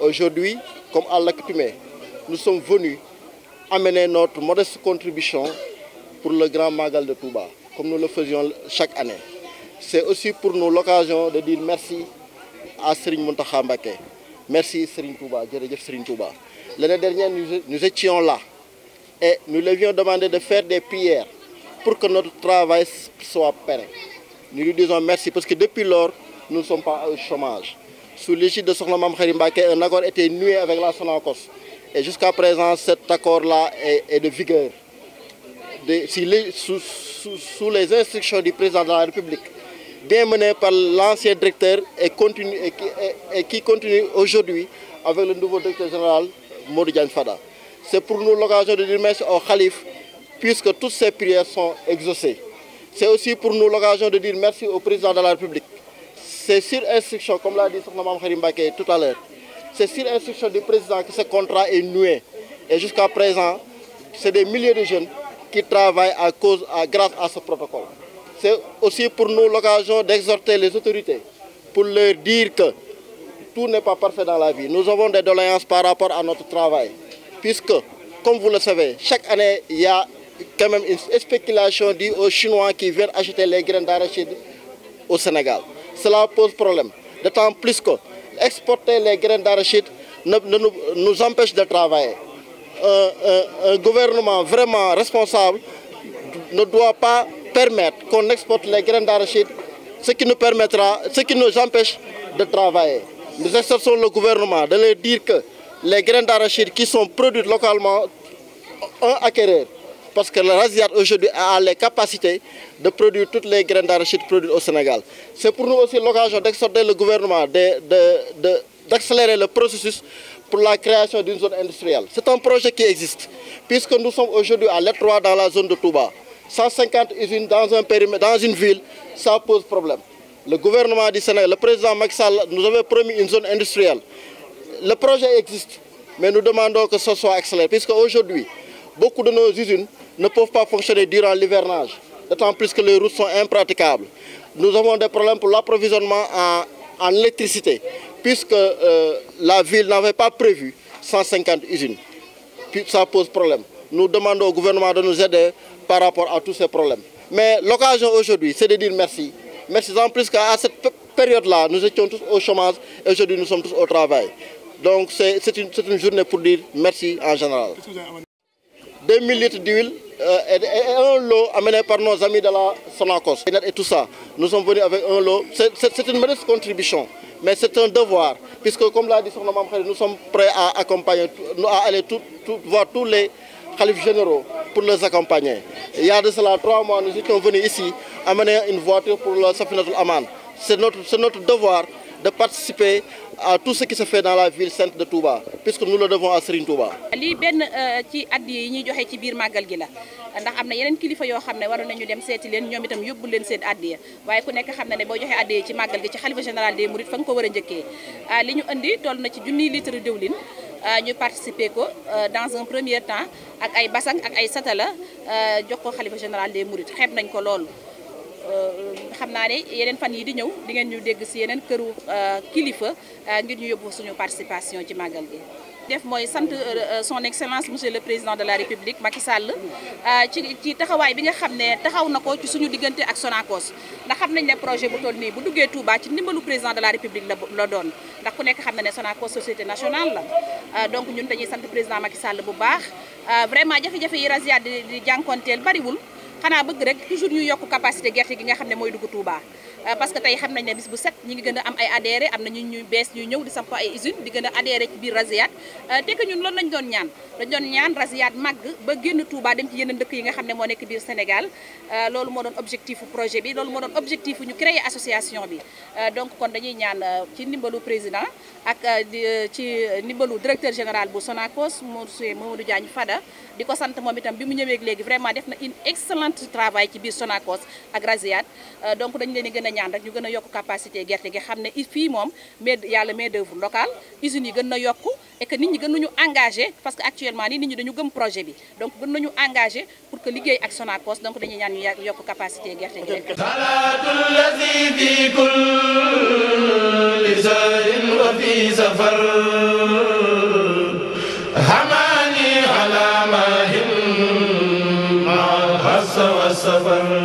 Aujourd'hui, comme à l'accoutumée, nous sommes venus amener notre modeste contribution pour le Grand Magal de Touba, comme nous le faisions chaque année. C'est aussi pour nous l'occasion de dire merci à Serigne Montaha Merci Serigne Touba, Serigne Touba. L'année dernière, nous, étions là et nous lui avions demandé de faire des prières pour que notre travail soit pérenne. Nous lui disons merci parce que depuis lors, nous ne sommes pas au chômage. Sous l'égide de Sokhna Mam un accord était noué avec la Sonacos. Et jusqu'à présent, cet accord-là est, de vigueur. sous, les instructions du président de la République, bien mené par l'ancien directeur et, qui continue aujourd'hui avec le nouveau directeur général Diagne Fada. C'est pour nous l'occasion de dire merci au Khalif, puisque toutes ces prières sont exaucées. C'est aussi pour nous l'occasion de dire merci au président de la République, c'est sur instruction, comme l'a dit Mme Bakay tout à l'heure, c'est sur instruction du président que ce contrat est noué. Et jusqu'à présent, c'est des milliers de jeunes qui travaillent à cause, grâce à ce protocole. C'est aussi pour nous l'occasion d'exhorter les autorités pour leur dire que tout n'est pas parfait dans la vie. Nous avons des doléances par rapport à notre travail. Puisque, comme vous le savez, chaque année, il y a quand même une spéculation due aux Chinois qui viennent acheter les graines d'arachide au Sénégal. Cela pose problème. D'autant plus que exporter les graines d'arachide nous, empêche de travailler. un gouvernement vraiment responsable ne doit pas permettre qu'on exporte les graines d'arachide, ce qui nous permettra, ce qui nous empêche de travailler. Nous exerçons le gouvernement de leur dire que les graines d'arachide qui sont produites localement, ont acquérir parce que le Raziat aujourd'hui a les capacités de produire toutes les graines d'arachide produites au Sénégal. C'est pour nous aussi l'occasion d'exhorter le gouvernement d'accélérer le processus pour la création d'une zone industrielle. C'est un projet qui existe, puisque nous sommes aujourd'hui à l'étroit dans la zone de Touba. 150 usines dans, un dans une ville, ça pose problème. Le gouvernement du Sénégal, le président Maxal nous avait promis une zone industrielle. Le projet existe, mais nous demandons que ce soit accéléré, puisque aujourd'hui, beaucoup de nos usines ne peuvent pas fonctionner durant l'hivernage, d'autant plus que les routes sont impraticables. Nous avons des problèmes pour l'approvisionnement en, électricité, puisque euh, la ville n'avait pas prévu 150 usines. Puis ça pose problème. Nous demandons au gouvernement de nous aider par rapport à tous ces problèmes. Mais l'occasion aujourd'hui, c'est de dire merci. Merci en plus qu'à cette période-là, nous étions tous au chômage et aujourd'hui nous sommes tous au travail. Donc c'est une journée pour dire merci en général. 2000 litres d'huile euh, et, un lot amené par nos amis de la Sonacos et tout ça. Nous sommes venus avec un lot. C'est une modeste contribution, mais c'est un devoir, puisque comme l'a dit son membre, nous sommes prêts à accompagner, à aller voir tous les califes généraux pour les accompagner. il y a de cela trois mois, nous étions venus ici amener une voiture pour le Safinatul Aman. C'est notre, notre devoir de participer à tout ce qui se fait dans la ville sainte de Touba puisque nous le devons à Serigne Touba. Li ben ci addiya yi ñi joxe ci biir magal gi la ndax amna na yeneen kilifa yo xam ne nañu dem séti len ñom itam yóbbu leen seen addiya waye ku nekk xam né bo boo joxee addiya ci magal gi ci khalifa général des mourides fa nga ko war a ah, li ñu indi toll na ci junniy litre diwlin ah, ñu participer ko euh, dans un premier temps ak ay basang ak ay satala euh, jox ko khalifa général des mourides xeb nañ ko lool euh, xam naa ne yeneen fan yi di ñëw di ngeen ñu dégg si yeneen këru euh, kilifa euh, ngir ñu yóbbu suñu participation ci màggal gi. def mooy sant son excellence monsieur le président de la république Macky Sall ci ci taxawaay bi nga xam ne taxaw na ko ci suñu diggante ak Sonacos ndax xam nañ ne projet bu toll nii bu duggee Touba ci ndimbalu président de la république la la doon ndax ku nekk xam na ne Sonacos société nationale la donc ñun dañuy sant président Macky Sall bu baax vraiment jafe-jafe yi Razia di di jànkoonteel bariwul xana bëgg rek toujours ñu yokku capacité gerte gi nga xamné moy duggu Touba euh, parce que tay xam nañ né bis bu set ñi ngi gën am ay adhéré am na ñu ñuy bëss ñuy ñëw di ko ay usine di gën a adhéré ci biir raziat euh, té que ñun loolu lañ doon ñaan dañ doon ñaan raziat mag ba génn Touba dem ci yeneen dëkk yi nga xamné ne nekk biir Sénégal euh, loolu mo doon objectif projet bi loolu mo doon objectif ñu créer association bi donc kon dañuy ñaan ci nimbalu président ak ci nimbalu directeur général bu Sonacos monsieur Mamadou Diagne Fada di sante sant itam bi mu ñëwee légui vraiment def na une excellente excellente travail ci biir Sonacos ak Rasiaat euh, donc dañu leen gëna ñaan rek ñu gëna a capacité gerte gi xamné ne mom moom mais yàlla main d'œuvre locale usines yi gëna na yokku et que nit ñi gën nañu engagé parce que actuellement nii nit ñi dañu gëm projet bi donc gën nañu engagé pour que liguey ak Sonacos donc dañuy ñaan ñu yokk capacité gerte gi. Suffer